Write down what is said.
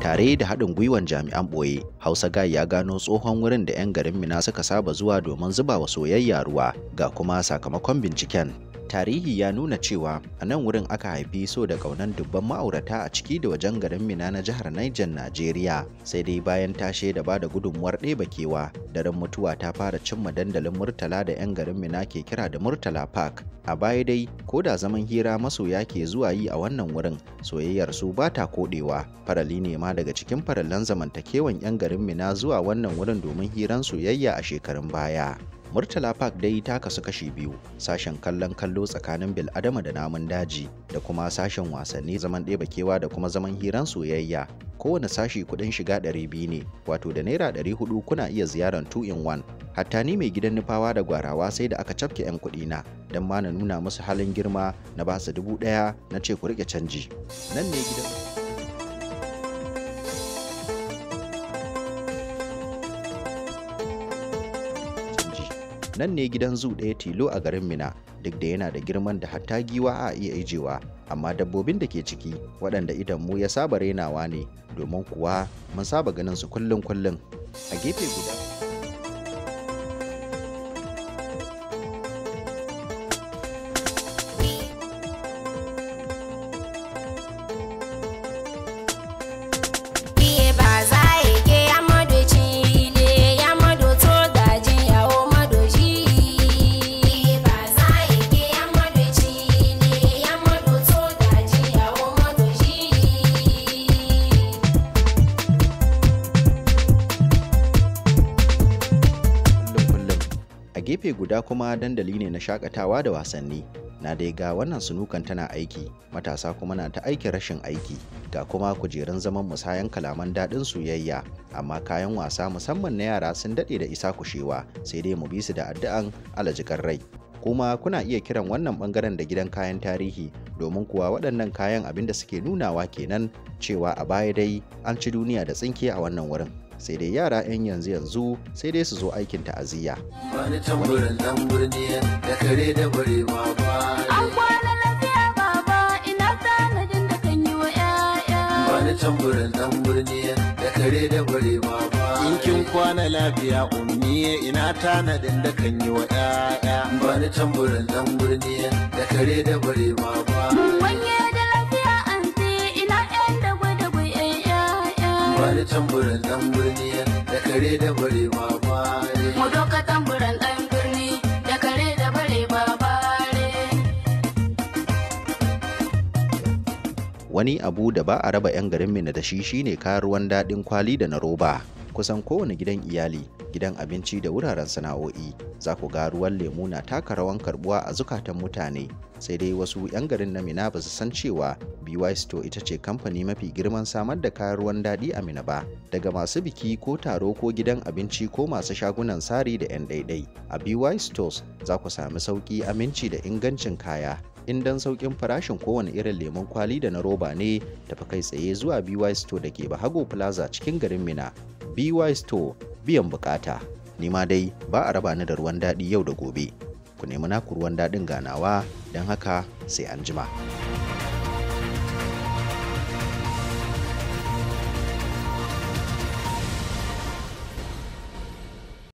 tare da haɗin gwiwan jami'an ɓoye hausa guy ya gano tsohon wurin da 'yan garin mina suka saba zuwa domin zuba wa soyayya ruwa ga kuma sakamakon binciken tarihi ya nuna cewa a nan wurin aka haifi so da ƙaunan dubban ma'aurata a ciki da wajen garin mina na jihar Niger Najeriya sai dai bayan tashe da bada gudunmuwar ɗeba kewa daren mutuwa ta fara cimma dandalin murtala da 'yan garin mina ke kira da murtala park a baya dai ko da zaman hira masoya ke zuwa yi a wannan wurin soyayyar su ba ta kodewa farali ne ma daga cikin farallan zamantakewan 'yan garin mina zuwa wannan wurin domin hiran soyayya a shekarun baya murtala park dai ta kasu kashi biyu sashen kallon kallo tsakanin bil adama da namun daji da kuma sashen wasanni zaman ɗeba kewa da kuma zaman hiran soyayya kowane sashi kuɗin shiga ɗari biyu ne wato da naira ɗari 400 kuna iya ziyarar 2 in 1 hatta ni mai gidan nufawa da gwarawa sai da aka cafke 'yan kuɗi na don ma na nuna musu halin girma na basu dubu ɗaya na ce ku riƙe canji nan ne gidan nan ne gidan zu ɗaya tilo a garin mina duk da yana da girman da hatta giwa a iya ijewa amma dabbobin da ke ciki waɗanda idan mu ya saba renawa ne domin kuwa mun saba ganin su kullum kullum a gefe guda gefe guda kuma dandali ne na shakatawa da wasanni na dai ga wannan sunukan tana aiki matasa kuma na ta aiki rashin aiki ga kuma kujerun zaman musayan kalaman daɗin soyayya amma kayan wasa musamman na yara sun daɗe da isa kushewa sai dai mu bi su da addu'an alajikan rai kuma kuna iya kiran wannan bangaren da gidan kayan tarihi domin kuwa waɗannan kayan abin da suke nunawa kenan cewa a baya dai an ci duniya da tsinke a wannan wurin sai dai yara 'yan yanzu yanzu sai dai su zo aikin ta'aziyya. Wani tamburin nan da kare da ba. 'ya'ya. nan da kare da ba. kwana lafiya umniye ina tanadin da kan yi wa ƴaƴa ba ni tamburin dan da kare da bare ma ba wanye da lafiya an ina ƴan da gwada gwai ƴaƴa ba ni tamburin dan da kare da bare ma ba mu doka tamburin dan da kare da bare ma ba wani abu da ba a raba 'yan garin mina da shi shine karuwan daɗin kwali da na roba kusan kowane gidan iyali gidan abinci da wuraren sana'o'i za ku ga ruwan lemu na taka rawan karbuwa a zukatan mutane sai dai wasu 'yan garin na mina ba su san cewa by store ita ce kamfani mafi girman samar da kayan ruwan daɗi a mina ba daga masu biki ko taro ko gidan abinci ko masu shagunan sari da 'yan ɗaiɗai a by stores za ku sami sauƙi aminci da ingancin kaya in dan sauƙin farashin kowane irin lemon kwali da na roba ne tafi kai tsaye zuwa by store da ke bahago plaza cikin garin mina BY Store biyan bukata. Ni ma dai ba a raba ni da ruwan daɗi yau da gobe. Ku nemi naku ruwan daɗin ganawa don haka sai an jima.